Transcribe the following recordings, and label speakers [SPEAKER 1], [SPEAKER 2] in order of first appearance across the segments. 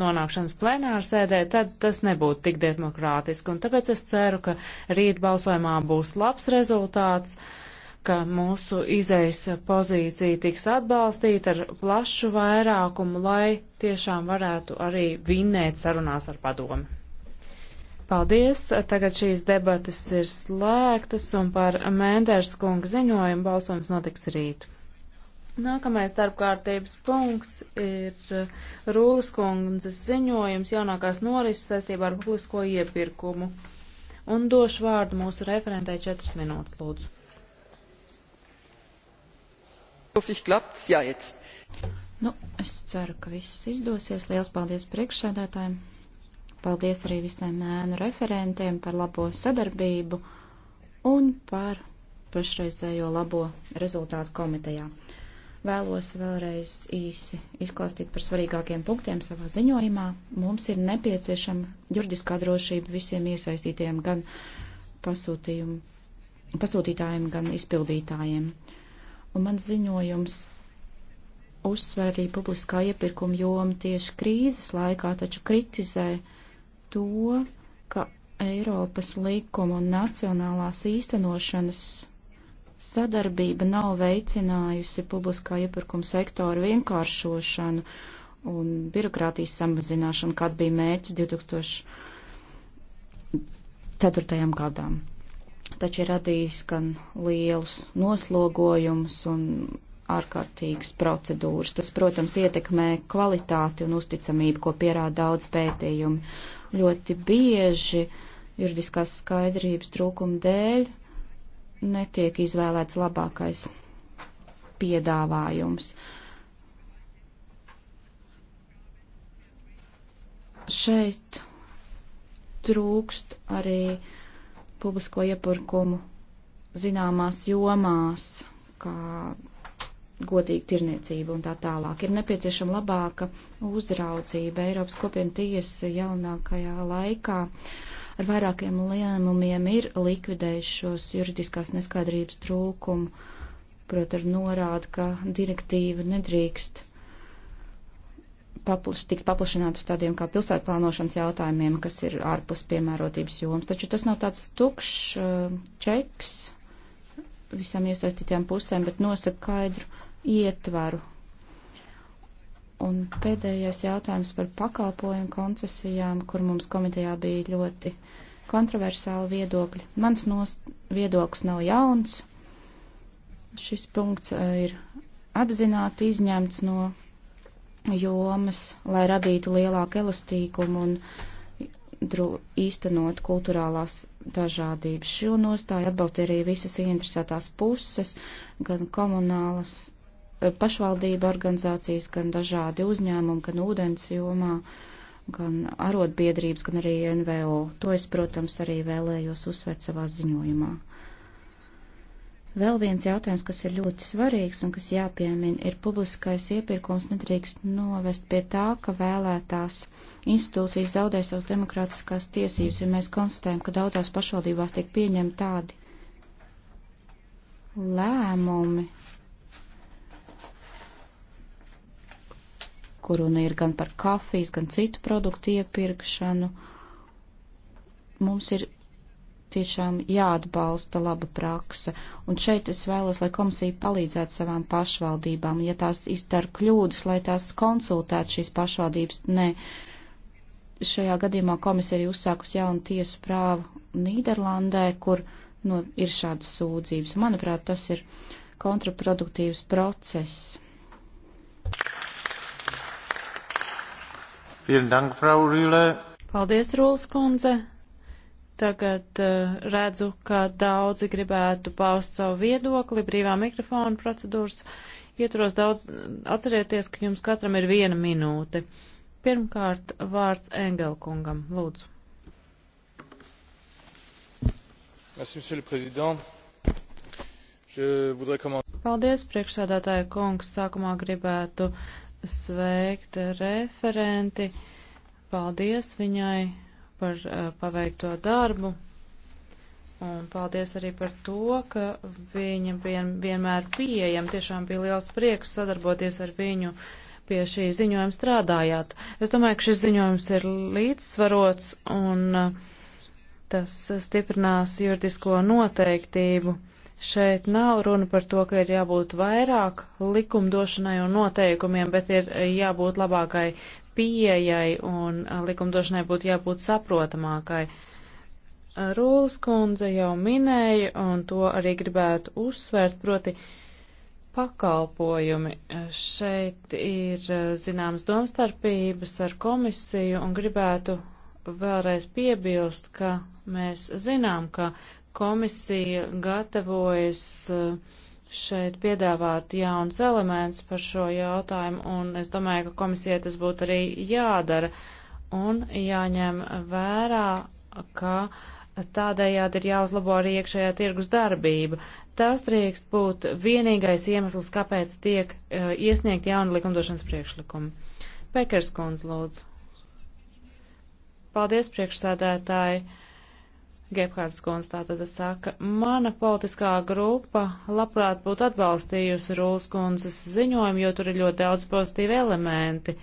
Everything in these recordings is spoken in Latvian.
[SPEAKER 1] nonākšanas plenāra sēdē, tad tas nebūtu tik demokrātiski. Un tāpēc es ceru, ka rīt balsojumā būs labs rezultāts, ka mūsu izejas pozīcija tiks atbalstīta ar plašu vairākumu, lai tiešām varētu arī vinnēt sarunās ar padomu. Paldies! Tagad šīs debatas ir slēgtas un par Mēndērs kunga ziņojumu balsojums notiks rīt. Nākamais darbkārtības punkts ir eh, Rūlas kundzes ziņojums jaunākās norises saistībā ar publisko iepirkumu. Un došu vārdu mūsu referentē 4 minūtes, lūdzu. Nu, es ceru, ka viss izdosies. Liels paldies
[SPEAKER 2] priekšsēdētājiem. Paldies arī visiem ēnu referentiem par labo sadarbību un par pašreizējo labo rezultātu komitejā vēlos vēlreiz īsi izklāstīt par svarīgākiem punktiem savā ziņojumā. Mums ir nepieciešama juridiskā drošība visiem iesaistītiem, gan pasūtītājiem, gan izpildītājiem. Un mans ziņojums uzsver arī publiskā iepirkuma jomu tieši krīzes laikā, taču kritizē to, ka Eiropas likuma un nacionālās īstenošanas sadarbība nav veicinājusi publiskā iepirkuma sektora vienkāršošanu un birokrātijas samazināšanu, kāds bija mērķis 2004. gadam. Taču ir radījis gan lielus noslogojumus un ārkārtīgas procedūras. Tas, protams, ietekmē kvalitāti un uzticamību, ko pierāda daudz pētījumu. Ļoti bieži juridiskās skaidrības trūkuma dēļ uh, netiek izvēlēts labākais piedāvājums. Šeit trūkst arī publisko iepirkumu zināmās jomās, kā godīga tirniecība un tā tālāk. Ir nepieciešama labāka uzraudzība Eiropas kopienu tiesa jaunākajā laikā. Uh, ar vairākiem lēmumiem ir likvidējušos juridiskās neskaidrības trūkumu, prot ar norādu, ka direktīva nedrīkst paplis, tikt paplašināt uz tādiem kā pilsētplānošanas jautājumiem, kas ir ārpus piemērotības jomas. Taču tas nav tāds tukšs uh, čeks visām iesaistītajām pusēm, bet nosaka kaidru ietvaru Un pēdējais jautājums par pakalpojumu koncesijām, kur mums komitejā bija ļoti kontroversāli viedokļi. Mans nost, viedoklis nav jauns. Šis punkts eh, ir apzināti izņemts no jomas, lai radītu lielāku elastīgumu un dro, īstenot kulturālās dažādības. Šo nostāju atbalstīja arī visas ieinteresētās puses, gan komunālas Eh, pašvaldība organizācijas, gan dažādi uzņēmumi, gan ūdens jomā, gan arotbiedrības, gan arī NVO. To es, protams, arī vēlējos uzsvērt savā ziņojumā. Vēl viens jautājums, kas ir ļoti svarīgs un kas jāpiemina, ir publiskais iepirkums nedrīkst novest pie tā, ka vēlētās institūcijas zaudē savas demokrātiskās tiesības, ja mēs konstatējam, ka daudzās pašvaldībās tiek pieņemti tādi lēmumi, kur runa ir gan par kafijas, gan citu produktu iepirkšanu. Mums ir tiešām jāatbalsta laba praksa, un šeit es vēlos, lai komisija palīdzētu savām pašvaldībām, ja tās izdara kļūdas, lai tās konsultētu šīs pašvaldības. Nē, šajā gadījumā komisija ir uzsākus jaunu tiesu prāvu Nīderlandē, kur nu, ir šādas sūdzības. Manuprāt, tas ir kontraproduktīvs
[SPEAKER 1] process.
[SPEAKER 3] Dank, Frau Rīle.
[SPEAKER 1] Paldies, Rūlas kundze. Tagad uh, redzu, ka daudzi gribētu paust savu viedokli brīvā mikrofona procedūras. Ietros daudz, atcerieties, ka jums katram ir viena minūte. Pirmkārt, vārds Engelkungam, lūdzu. Paldies, priekšsādātāja kungs. Sākumā gribētu uh, sveikt referenti. Paldies viņai par uh, paveikto darbu. Un paldies arī par to, ka viņa vien, vienmēr pieejam. Tiešām bija liels prieks sadarboties ar viņu pie šī ziņojuma strādājāt. Es domāju, ka šis ziņojums ir līdzsvarots un uh, tas stiprinās juridisko noteiktību. Uh, Šeit nav runa par to, ka ir jābūt vairāk likumdošanai un noteikumiem, bet ir jābūt labākai pieejai un likumdošanai būtu jābūt saprotamākai. Rūlas kundze jau minēja, un to arī gribētu uzsvērt, proti pakalpojumi. Šeit ir zināmas domstarpības ar komisiju un gribētu vēlreiz piebilst, ka mēs zinām, ka komisija gatavojas eh, šeit piedāvāt jauns elements par šo jautājumu, un es domāju, ka komisijai tas būtu arī jādara un jāņem vērā, ka tādējādi ir jāuzlabo arī iekšējā tirgus darbība. Tas drīkst būt vienīgais iemesls, kāpēc tiek uh, iesniegt jauni likumdošanas priekšlikumi. Pekers kundz, lūdzu. Paldies, priekšsēdētāji. Gebhards Kons tātad saka, mana politiskā grupa labprāt būtu atbalstījusi Rūlas kundzes ziņojumu, jo tur ir ļoti daudz pozitīvi elementi,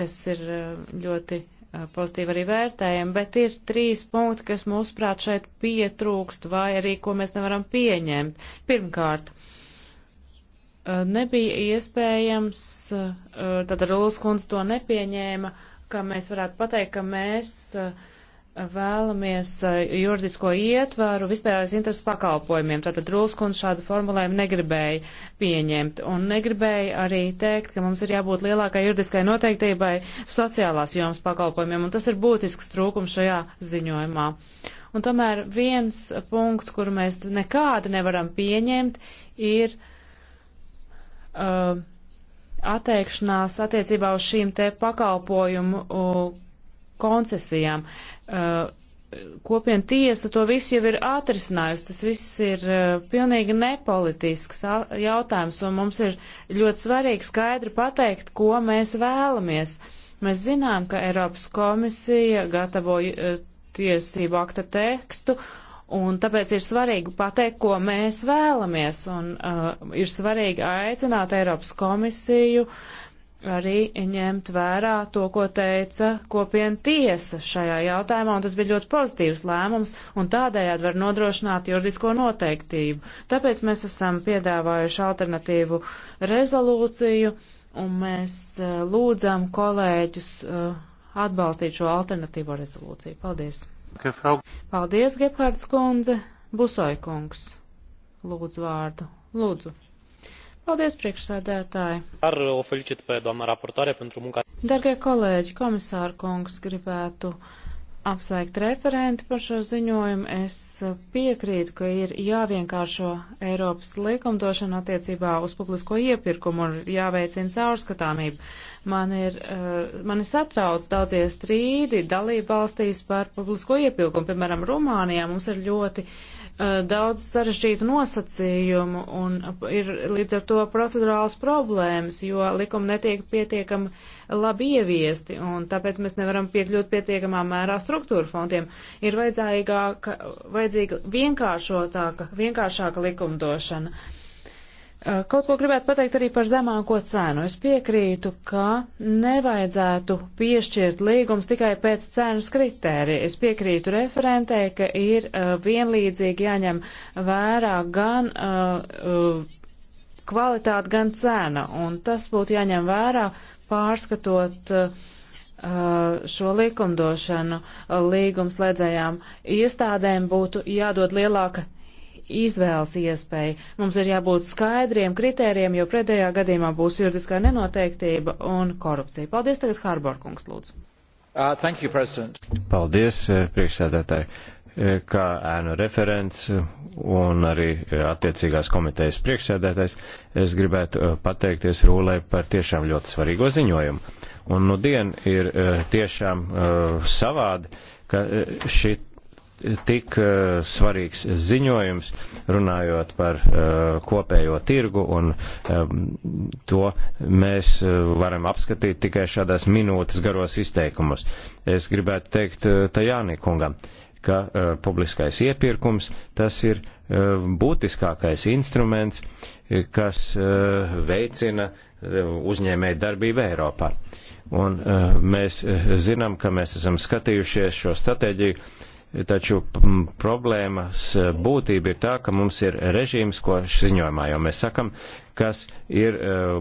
[SPEAKER 1] kas ir eh, ļoti eh, pozitīvi arī vērtējami, bet ir trīs punkti, kas mūsuprāt šeit pietrūkst vai arī ko mēs nevaram pieņemt. Pirmkārt, eh, nebija iespējams, tātad Rūlas kundze to nepieņēma ka mēs varētu pateikt, ka mēs eh, vēlamies eh, juridisko ietvaru vispārējais intereses pakalpojumiem. Tātad Rūskundze šādu formulējumu negribēja pieņemt un negribēja arī teikt, ka mums ir jābūt lielākai juridiskai noteiktībai sociālās jomas pakalpojumiem, un tas ir būtisks trūkums šajā ziņojumā. Un tomēr viens punkts, kuru mēs nekādi nevaram pieņemt, ir. Uh, atteikšanās attiecībā uz šīm te pakalpojumu koncesijām. E, kopiena tiesa to visu jau ir atrisinājusi. Tas viss ir e, pilnīgi nepolitisks jautājums, un mums ir ļoti svarīgi skaidri pateikt, ko mēs vēlamies. Mēs zinām, ka Eiropas komisija gatavo e, tiesību akta tekstu, uh, Un tāpēc ir svarīgi pateikt, ko mēs vēlamies, un uh, ir svarīgi aicināt Eiropas komisiju arī ņemt vērā to, ko teica kopiena tiesa šajā jautājumā, un tas bija ļoti pozitīvs lēmums, un tādējādi var nodrošināt juridisko noteiktību. Tāpēc mēs esam piedāvājuši alternatīvu rezolūciju, un mēs uh, lūdzam kolēģus uh, atbalstīt šo alternatīvo rezolūciju. Paldies! Paldies, Gephards kundze. Busoja kungs. Lūdzu vārdu. Lūdzu. Paldies, priekšsēdētāji.
[SPEAKER 3] Ar felicit pe doamna raportoare pentru munca.
[SPEAKER 1] Dargie kolēģi, komisāra kungs gribētu uh, apsveikt referenti par šo ziņojumu. Es piekrītu, ka ir jāvienkāršo Eiropas likumdošana attiecībā uz publisko iepirkumu un jāveicina caurskatāmību. Man ir, eh, man ir satrauc daudzie strīdi dalību valstīs par publisko iepirkumu. Piemēram, Rumānijā mums ir ļoti uh, Uh, daudz sarežģītu nosacījumu un ir līdz ar to procedurāls problēmas, jo likumi netiek pietiekami labi ieviesti un tāpēc mēs nevaram piekļūt pietiekamā mērā struktūra fondiem. Ir vajadzīga vienkāršotāka, vienkāršāka likumdošana. Eh, kaut ko gribētu pateikt arī par zemāko cenu. Es piekrītu, ka nevajadzētu piešķirt līgums tikai pēc cenas kritērija. Es piekrītu referentē, ka ir uh, vienlīdzīgi jāņem vērā gan uh, kvalitāte, gan cena, un tas būtu jāņem vērā pārskatot. Uh, šo likumdošanu līgumslēdzējām iestādēm būtu jādod lielāka izvēles iespēja. Mums ir jābūt skaidriem kritērijiem, jo pretējā gadījumā būs juridiskā nenoteiktība un korupcija. Paldies tagad Hārborkungs, lūdzu.
[SPEAKER 3] Uh, thank you, President. Paldies, uh, priekšsēdētāji uh, kā ēnu referents un arī uh, attiecīgās komitejas priekšsēdētājs, es gribētu pateikties Rūlai par tiešām ļoti svarīgo ziņojumu. Un nu dien ir tiešām savādi, ka šit tik eh, svarīgs ziņojums, runājot par eh, kopējo tirgu, un eh, to mēs varam apskatīt tikai šādās minūtes garos izteikumus. Es gribētu teikt Tajānī kungam, ka publiskais iepirkums tas ir būtiskākais instruments, kas veicina uzņēmēju darbību Eiropā. Un mēs zinām, ka mēs esam skatījušies šo stratēģiju, Taču problēmas e, būtība ir tā, ka mums ir režīms, ko ziņojumā jau mēs sakam, kas ir eh,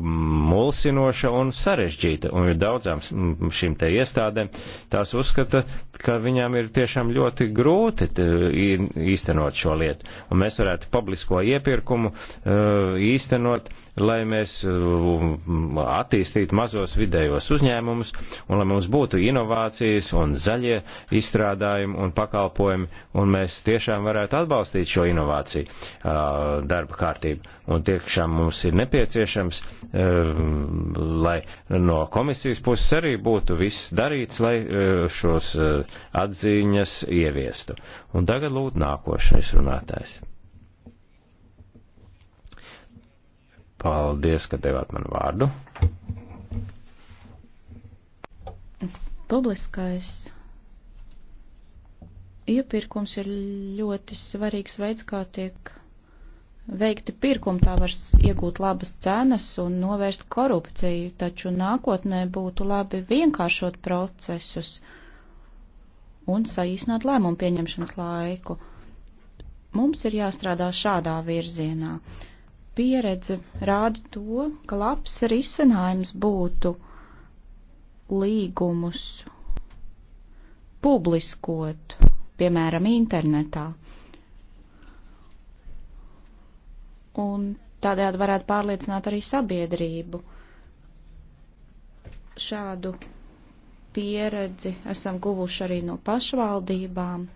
[SPEAKER 3] mulsinoša un sarežģīta. Un ir daudzām šīm te iestādēm tās uzskata, ka viņām ir tiešām ļoti grūti īstenot šo lietu. Un mēs varētu publisko iepirkumu eh, īstenot, lai mēs eh, attīstītu mazos vidējos uzņēmumus un lai mums būtu inovācijas un zaļie izstrādājumi un pakalpojumi un mēs tiešām varētu atbalstīt šo inovāciju darba kārtību. Un tiešām mums kas ir nepieciešams, ehm, lai no komisijas puses arī būtu viss darīts, lai eh, šos eh, atziņas ieviestu. Un tagad lūdzu nākošais runātājs. Paldies, ka devāt man vārdu.
[SPEAKER 2] Publiskais iepirkums ir ļoti svarīgs veids, kā tiek veikti pirkumi, tā var iegūt labas cenas un novērst korupciju, taču nākotnē būtu labi vienkāršot procesus un saīsināt lēmumu pieņemšanas laiku. Mums ir jāstrādā šādā virzienā. Pieredze rāda to, ka labs risinājums būtu līgumus publiskot, piemēram, internetā un tādējādi varētu pārliecināt arī sabiedrību. Šādu pieredzi esam guvuši arī no pašvaldībām,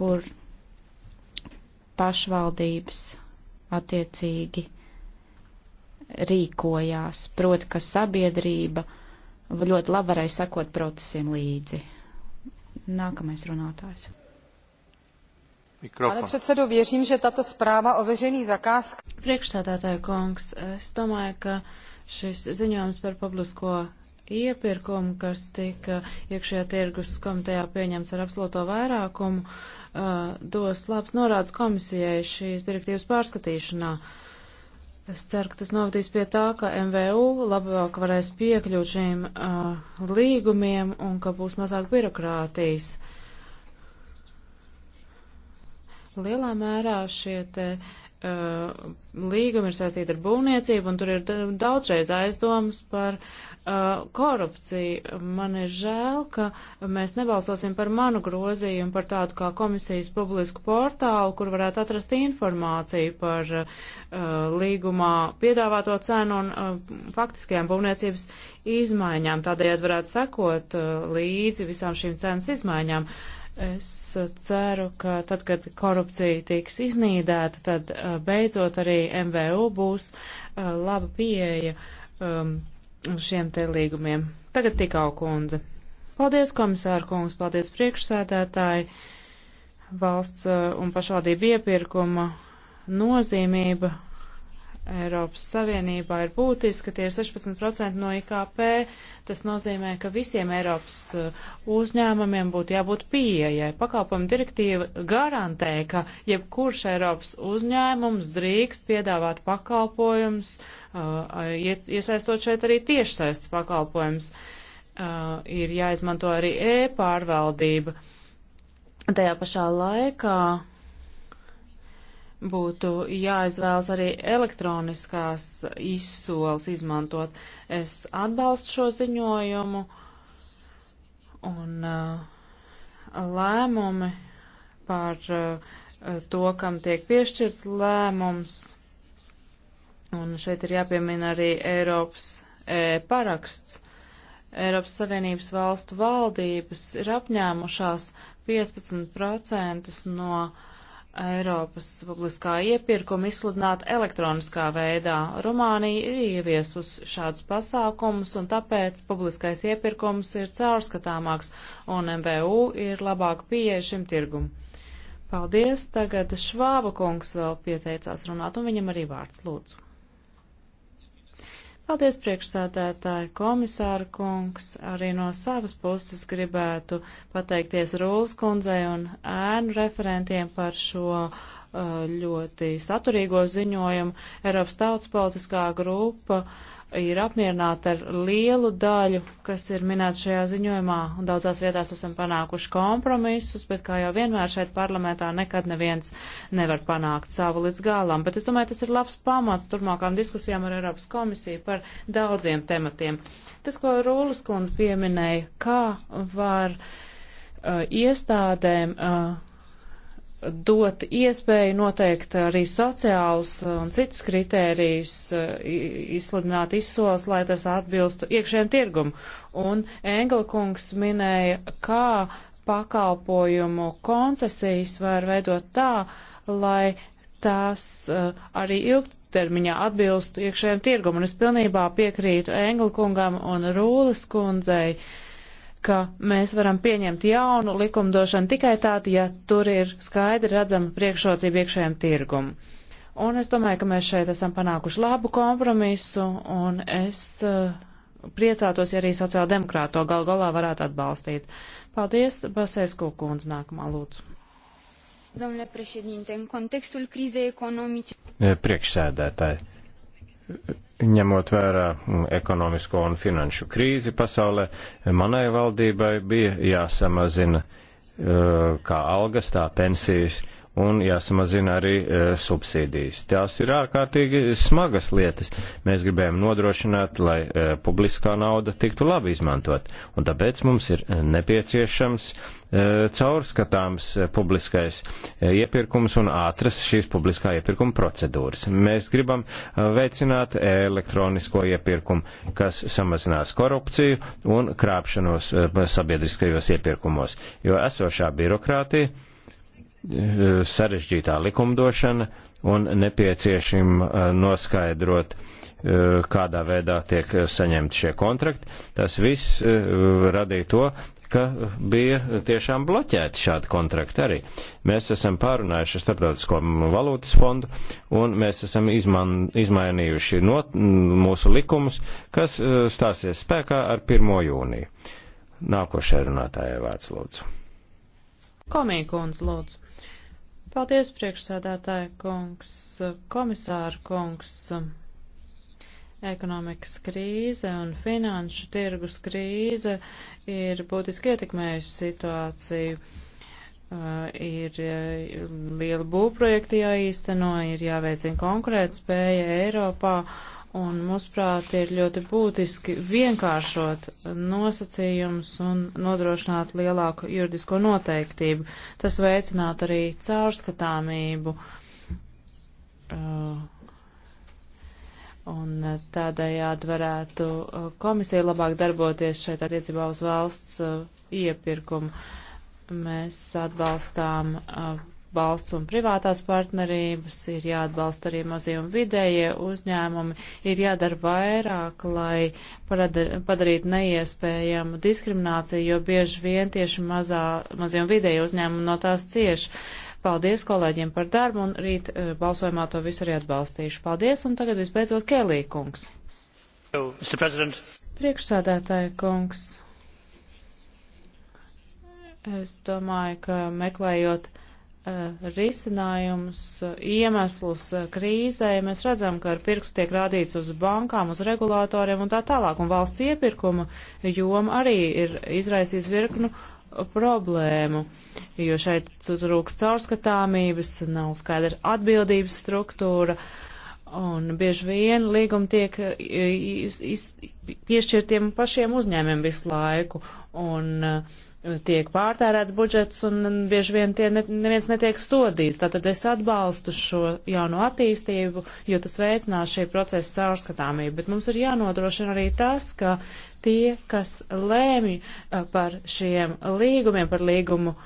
[SPEAKER 2] kur pašvaldības attiecīgi rīkojās, proti, ka sabiedrība ļoti labi varēja sekot procesiem līdzi. Nākamais runātājs.
[SPEAKER 1] Mikrofon. Pane předsedo, věřím, že tato zpráva o veřejných zakázkách. Priekšsādātāja kungs, es domāju, ka šis ziņojums par publisko iepirkumu, kas tika iekšējā tirgus komitejā pieņemts ar absolūto vairākumu, uh, dos labs norādes komisijai šīs direktīvas pārskatīšanā. Es ceru, ka tas novadīs pie tā, ka MVU labāk varēs piekļūt šīm uh, līgumiem un ka būs mazāk birokrātijas. Lielā mērā šie te uh, līgumi ir saistīti ar būvniecību, un tur ir daudzreiz aizdomas par uh, korupciju. Man ir žēl, ka mēs nebalsosim par manu grozījumu, par tādu kā komisijas publisku portālu, kur varētu atrast informāciju par uh, līgumā piedāvāto cenu un uh, faktiskajām būvniecības izmaiņām. Tādējādi varētu sekot uh, līdzi visām šīm cenas izmaiņām. Uh, Es ceru, ka tad, kad korupcija tiks iznīdēta, tad uh, beidzot arī MVU būs uh, laba pieeja um, šiem te līgumiem. Tagad tikau kundze. Paldies, komisāra kungs, paldies priekšsēdētāji. Valsts uh, un pašvaldība iepirkuma nozīmība Eiropas Savienībā ir būtiska, tie ir 16% no IKP. Tas nozīmē, ka visiem Eiropas uh, uzņēmumiem būtu jābūt pieejai. Pakalpojuma direktīva garantē, ka jebkurš Eiropas uzņēmums drīkst piedāvāt pakalpojumus, uh, iesaistot šeit arī tiešsaistes pakalpojumus. Uh, ir jāizmanto arī e-pārvaldība. Tajā pašā laikā būtu jāizvēlas arī elektroniskās izsoles izmantot. Es atbalstu šo ziņojumu un uh, lēmumi par uh, to, kam tiek piešķirts lēmums. Un šeit ir jāpiemina arī Eiropas e, paraksts. Eiropas Savienības valstu valdības ir apņēmušās 15% no uh, Eiropas publiskā iepirkuma izsludināt elektroniskā veidā. Rumānija ir ieviesus šādus pasākumus, un tāpēc publiskais iepirkums ir caurskatāmāks, un MVU ir labāk pieeja šim tirgum. Paldies, tagad Švāba kungs vēl pieteicās runāt, un viņam arī vārds lūdzu. Paldies, priekšsēdētāji, komisāra kungs. Arī no savas puses gribētu pateikties Rūlas kundzei un ēnu referentiem par šo uh, ļoti saturīgo ziņojumu. Eiropas tautas politiskā grupa uh, ir apmierināti ar lielu daļu, kas ir minēts šajā ziņojumā, un daudzās vietās esam panākuši kompromisus, bet kā jau vienmēr šeit parlamentā nekad neviens nevar panākt savu līdz galam. Bet es domāju, tas ir labs pamats turmākām diskusijām ar Eiropas komisiju par daudziem tematiem. Tas, ko Rūlis kundze pieminēja, kā var uh, iestādēm. Uh, dot iespēju noteikt arī sociālus un citus kritērijus, izsludināt izsoles, lai tas atbilstu iekšējiem tirgumu. Un Engelkungs minēja, kā pakalpojumu koncesijas var veidot tā, lai tās uh, e, arī ilgtermiņā atbilstu iekšējiem tirgumu. Un es pilnībā piekrītu Engelkungam un Rūles kundzei. Uh, ka mēs varam pieņemt jaunu likumdošanu tikai tādu, ja tur ir skaidri redzama priekšrocība iekšējiem tirgumu. Un es domāju, ka mēs šeit esam panākuši labu kompromisu, un es uh, priecātos, ja arī sociāldemokrāti to gal galā varētu atbalstīt. Paldies, Basēsku kundz, nākamā lūdzu.
[SPEAKER 2] Domnule președinte, în contextul crizei economice.
[SPEAKER 3] Priekšsēdētāji, ņemot vērā mm, ekonomisko un finanšu krīzi pasaulē, manai valdībai bija jāsamazina uh, kā algas, tā pensijas un jāsamazina arī e, subsīdijas. Tās ir ārkārtīgi smagas lietas. Mēs gribējam nodrošināt, lai e, publiskā nauda tiktu labi izmantot, un tāpēc mums ir e, nepieciešams e, caurskatāms e, publiskais e, iepirkums un ātras šīs publiskā iepirkuma procedūras. Mēs gribam e, veicināt elektronisko iepirkumu, kas samazinās korupciju un krāpšanos e, sabiedriskajos iepirkumos, jo esošā birokrātija sarežģītā likumdošana un nepieciešama eh, noskaidrot, eh, kādā veidā tiek saņemti šie kontrakti. Tas viss eh, radīja to, ka bija tiešām bloķēti šādi kontrakti arī. Mēs esam pārunājuši starptautisko valūtas fondu un mēs esam izman, izmainījuši not, mūsu likumus, kas stāsies spēkā ar 1. jūniju. Nākošajai runātājai vārds lūdzu.
[SPEAKER 1] Komīkons, lūdzu. Paldies, priekšsēdētāja kungs, komisāra kungs. Ekonomikas krīze un finanšu tirgus krīze ir būtiski ietekmējusi situāciju. Uh, ir uh, liela būvprojekta jāīsteno, ir jāveicina konkurētspēja Eiropā. Uh, un mūsuprāt ir ļoti būtiski vienkāršot nosacījumus un nodrošināt lielāku juridisko noteiktību. Tas veicinātu arī caurskatāmību. Uh, un tādējādi varētu uh, komisija labāk darboties šeit attiecībā uz valsts uh, iepirkumu. Mēs atbalstām valsts un privātās partnerības, ir jāatbalsta arī mazie un vidējie uzņēmumi, ir jādara vairāk, lai padarītu neiespējamu diskrimināciju, jo bieži vien tieši mazā, mazie un vidējie uzņēmumi no tās cieš. Paldies kolēģiem par darbu un rīt eh, balsojumā to visu arī atbalstīšu. Paldies un tagad visbeidzot Kelī kungs. Priekšsādātāja kungs. Es domāju, ka meklējot Eh, risinājums, eh, iemeslus eh, krīzē. Mēs redzam, ka ar pirkstu tiek rādīts uz bankām, uz regulātoriem un tā tālāk. Un valsts iepirkuma joma arī ir izraisījusi virknu problēmu, jo šeit trūks caurskatāmības, nav skaidra atbildības struktūra. Uh, Un bieži vien līgumi tiek e, iz, iz, piešķirtiem pašiem uzņēmiem visu laiku, un e, tiek pārtērēts budžets, un bieži vien tie ne, neviens netiek stodīts. Tātad es atbalstu šo jauno attīstību, jo tas veicinās šī procesa caurskatāmību. Bet mums ir jānodrošina arī tas, ka tie, kas lēmj e, par šiem līgumiem, par līgumu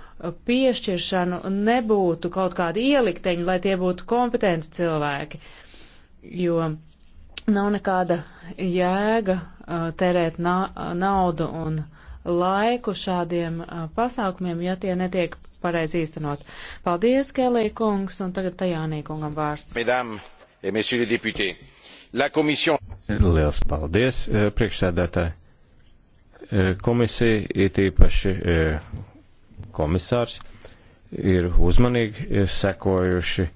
[SPEAKER 1] piešķiršanu, nebūtu kaut kādi ielikteņi, lai tie būtu kompetenti cilvēki. Uh, jo nav nekāda jēga uh, terēt na uh, naudu un laiku šādiem uh, pasākumiem, ja tie netiek pareizi īstenot. Paldies, Kelī kungs, un tagad Tajānī kungam vārds.
[SPEAKER 3] Mesdames et messieurs les députés, la commission. Liels paldies, eh, priekšsēdētāji. Eh, komisija, it īpaši eh, komisārs, ir uzmanīgi sekojuši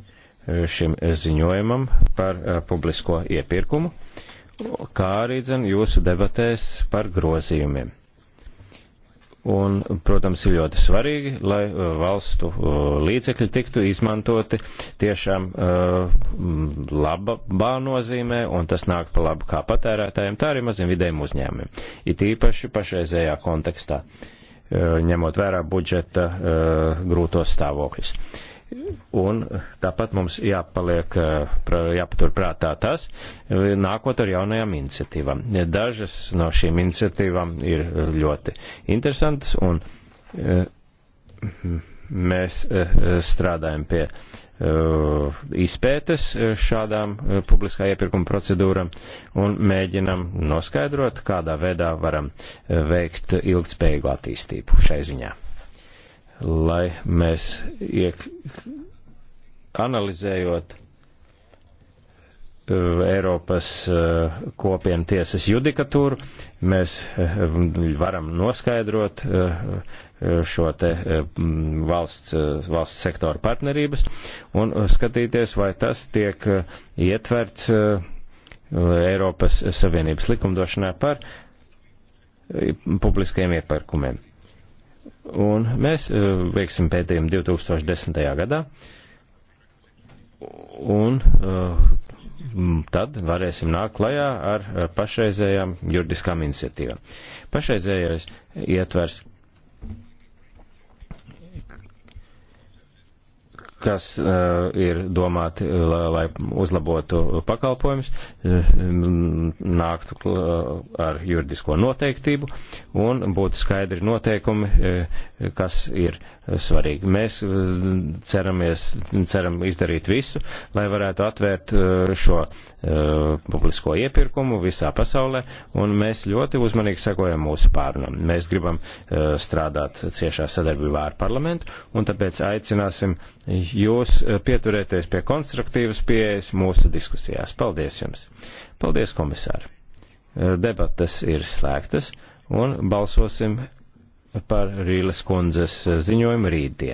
[SPEAKER 3] šim ziņojumam par eh, publisko iepirkumu, kā arī dzen jūsu debatēs par grozījumiem. Un, protams, ir ļoti svarīgi, lai eh, valstu eh, līdzekļi tiktu izmantoti tiešām labā nozīmē, un tas nāk pa labu kā patērētājiem, tā arī maziem vidējiem uzņēmumiem. It īpaši pašreizējā kontekstā, ņemot vērā budžeta grūtos stāvokļus. Un tāpat mums jāpaliek, jāpatur prātā tas, nākot ar jaunajām iniciatīvām. Dažas no šīm iniciatīvām ir ļoti interesantas, un eh, mēs eh, strādājam pie eh, izpētes šādām publiskā iepirkuma procedūram un mēģinam noskaidrot, kādā veidā varam veikt ilgtspējīgu attīstību šai ziņā lai mēs iek, analizējot uh, Eiropas uh, kopienu tiesas judikatūru, mēs uh, varam noskaidrot šo te valsts, valsts sektora partnerības un skatīties, vai tas tiek ietverts Eiropas Savienības likumdošanā par publiskajiem iepirkumiem. Un mēs e, veiksim pētījumu 2010. gadā, un e, tad varēsim nākt klajā ar e, pašreizējām juridiskām iniciatīvām. Pašreizējais ietvers kas uh, ir domāti, uh, lai, lai uzlabotu pakalpojumus, uh, nāktu uh, ar juridisko noteiktību un būtu skaidri noteikumi, kas ir svarīgi. Mēs ceramies, ceram izdarīt visu, lai varētu atvērt šo uh, publisko iepirkumu visā pasaulē, un mēs ļoti uzmanīgi sekojam mūsu pārnam. Mēs gribam uh, strādāt ciešā sadarbībā ar parlamentu, un tāpēc aicināsim jūs eh, pieturēties pie konstruktīvas pieejas mūsu diskusijās. Paldies jums! Paldies, komisāri! Eh, debatas ir slēgtas un balsosim par Rīles kundzes eh, ziņojumu rītdien.